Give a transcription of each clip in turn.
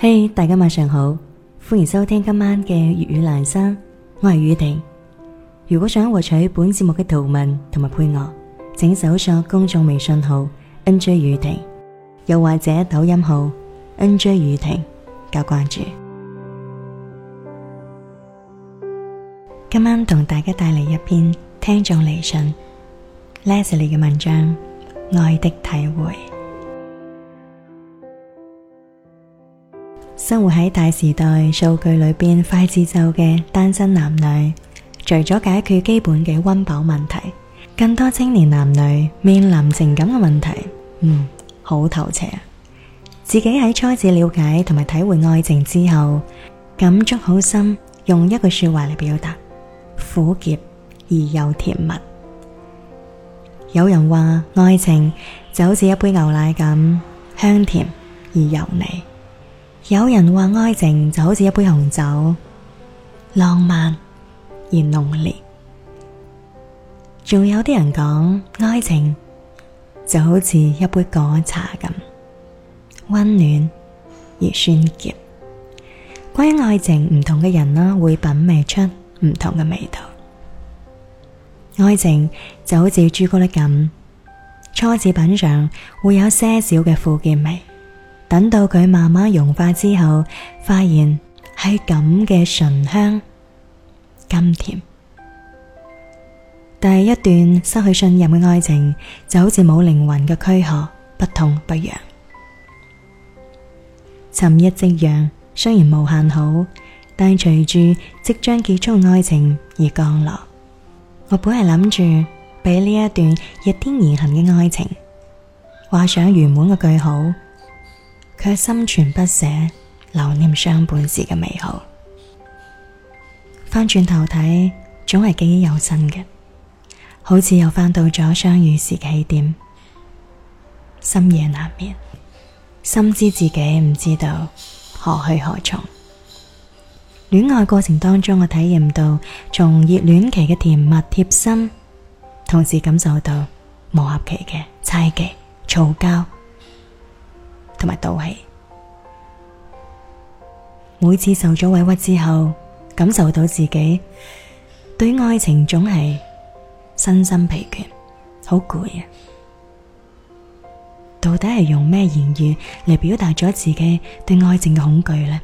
嘿，hey, 大家晚上好，歡迎收聽今晚嘅粵語朗聲，我係宇婷。如果想獲取本節目嘅圖文同埋配樂，請搜索公眾微信號 NJ 宇婷，又或者抖音號 NJ 宇婷加關注。今晚同大家帶嚟一篇聽眾嚟信 Leslie 嘅文章《愛的體會》。生活喺大時代數據裏邊快節奏嘅單身男女，除咗解決基本嘅温飽問題，更多青年男女面臨情感嘅問題。嗯，好頭赤啊！自己喺初次了解同埋體會愛情之後，感觸好深，用一句說話嚟表達，苦澀而又甜蜜。有人話愛情就好似一杯牛奶，咁香甜而柔膩。有人話愛情就好似一杯紅酒，浪漫而濃烈；仲有啲人講愛情就好似一杯果茶咁，溫暖而酸澀。關於愛情，唔同嘅人啦會品味出唔同嘅味道。愛情就好似朱古力咁，初次品嘗會有些少嘅苦澀味。等到佢慢慢融化之後，發現係咁嘅醇香甘甜。第一段失去信任嘅愛情，就好似冇靈魂嘅軀殼，不痛不癢。尋日夕陽雖然無限好，但隨住即將結束愛情而降落。我本係諗住俾呢一段逆天而行嘅愛情畫上圓滿嘅句號。卻心存不捨，留念相伴時嘅美好。翻轉頭睇，總係記憶猶新嘅，好似又翻到咗相遇時嘅起點。深夜難眠，深知自己唔知道何去何從。戀愛過程當中，我體驗到從熱戀期嘅甜蜜貼心，同時感受到磨合期嘅猜忌、嘈交。同埋賭氣，每次受咗委屈之後，感受到自己對愛情總係身心疲倦，好攰啊！到底係用咩言語嚟表達咗自己對愛情嘅恐懼呢？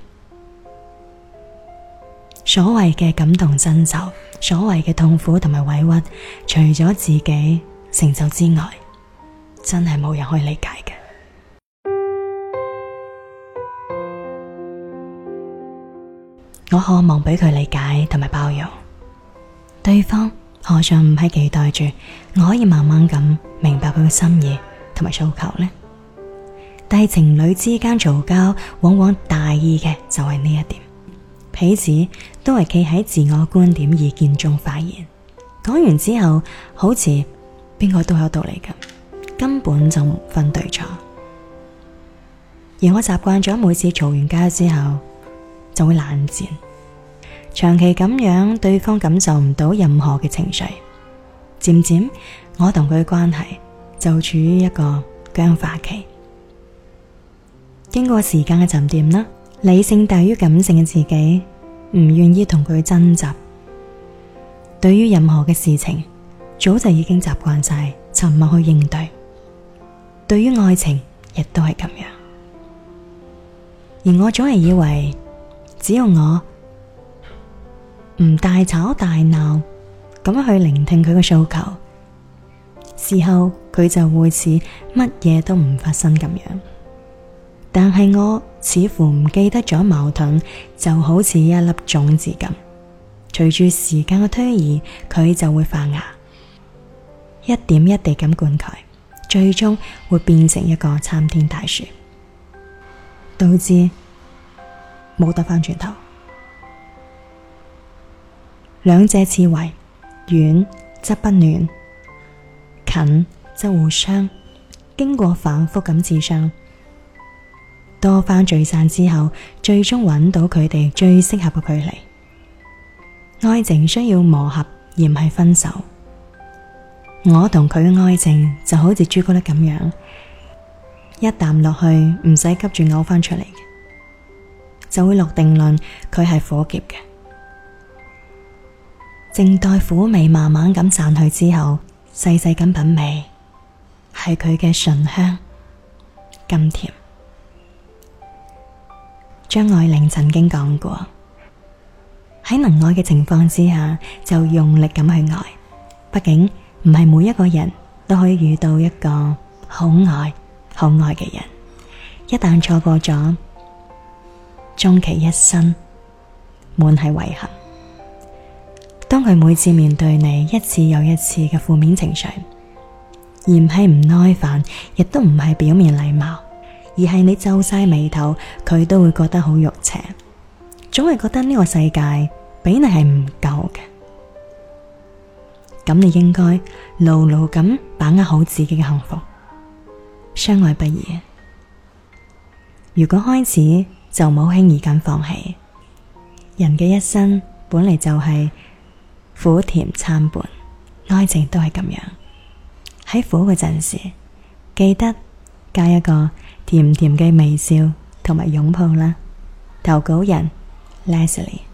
所謂嘅感同身受，所謂嘅痛苦同埋委屈，除咗自己承受之外，真係冇人可以理解嘅。我渴望俾佢理解同埋包容，對方何嘗唔係期待住我可以慢慢咁明白佢嘅心意同埋訴求呢？但係情侶之間嘈交，往往大意嘅就係呢一點，彼此都係企喺自我觀點意見中發言，講完之後好似邊個都有道理咁，根本就唔分對錯。而我習慣咗每次嘈完交之後，就會冷戰，長期咁樣，對方感受唔到任何嘅情緒，漸漸我同佢嘅關係就處於一個僵化期。經過時間嘅沉澱啦，理性大於感性嘅自己唔願意同佢爭執，對於任何嘅事情早就已經習慣晒，沉默去應對。對於愛情亦都係咁樣，而我總係以為。只要我唔大吵大鬧咁樣去聆聽佢嘅訴求，事後佢就會似乜嘢都唔發生咁樣。但係我似乎唔記得咗矛盾，就好似一粒種子咁，隨住時間嘅推移，佢就會發芽，一點一滴咁灌溉，最終會變成一個參天大樹，導致。冇得翻轉頭，兩隻刺蝟，遠則不暖，近則互傷，經過反復嘅刺傷，多番聚散之後，最終揾到佢哋最適合嘅距離。愛情需要磨合，而唔係分手。我同佢嘅愛情就好似朱古力咁樣，一啖落去唔使急住嘔翻出嚟就會落定論，佢係苦澀嘅。靜待苦味慢慢咁散去之後，細細咁品味，係佢嘅醇香甘甜。張愛玲曾經講過：喺能愛嘅情況之下，就用力咁去愛。畢竟唔係每一個人都可以遇到一個好愛、好愛嘅人，一旦錯過咗。終其一生，滿係遺憾。當佢每次面對你一次又一次嘅負面情緒，而唔係唔耐煩，亦都唔係表面禮貌，而係你皺晒眉頭，佢都會覺得好肉赤，總係覺得呢個世界俾你係唔夠嘅。咁你應該牢牢咁把握好自己嘅幸福，相愛不易。如果開始，就冇輕易咁放棄。人嘅一生本嚟就係苦甜參半，愛情都係咁樣。喺苦嗰陣時，記得加一個甜甜嘅微笑同埋擁抱啦。投稿人 Leslie。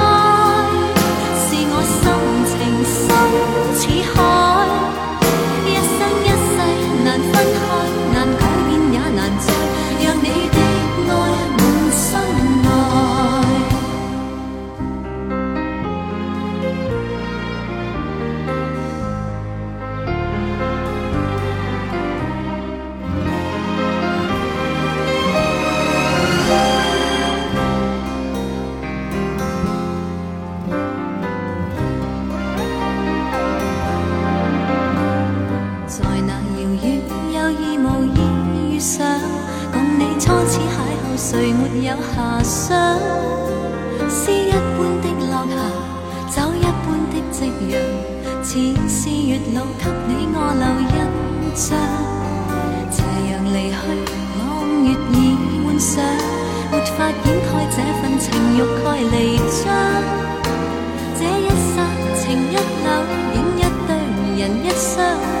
有遐想，詩一般的落霞，酒一般的夕陽，似是月老給你我留印象。斜陽離去，朗月已換上，沒法掩蓋這份情慾蓋彌彰。這一剎，情一縷，影一對，人一雙。